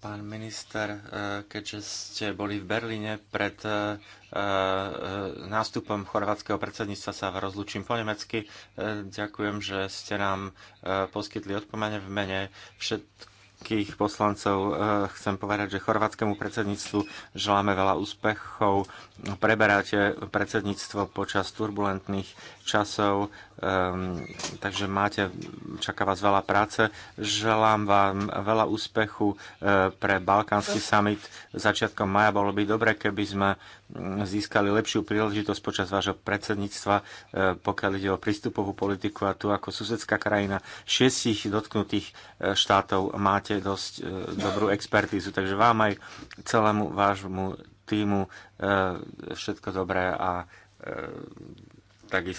Pán minister, eh, keďže ste boli v Berlíne pred eh, eh, nástupom chorvátskeho predsedníctva, sa rozlučím po nemecky. Ďakujem, že ste nám poskytli odpomene v mene všetkých všetkých poslancov eh, chcem povedať, že chorvátskemu predsedníctvu želáme veľa úspechov. Preberáte predsedníctvo počas turbulentných časov, ehm, takže máte, čaká vás veľa práce. Želám vám veľa úspechu eh, pre Balkánsky summit začiatkom maja. Bolo by dobre, keby sme získali lepšiu príležitosť počas vášho predsedníctva, e, pokiaľ ide o prístupovú politiku a tu ako susedská krajina šiestich dotknutých e, štátov máte dosť e, dobrú expertízu, takže vám aj celému vášmu týmu všetko dobré a takisto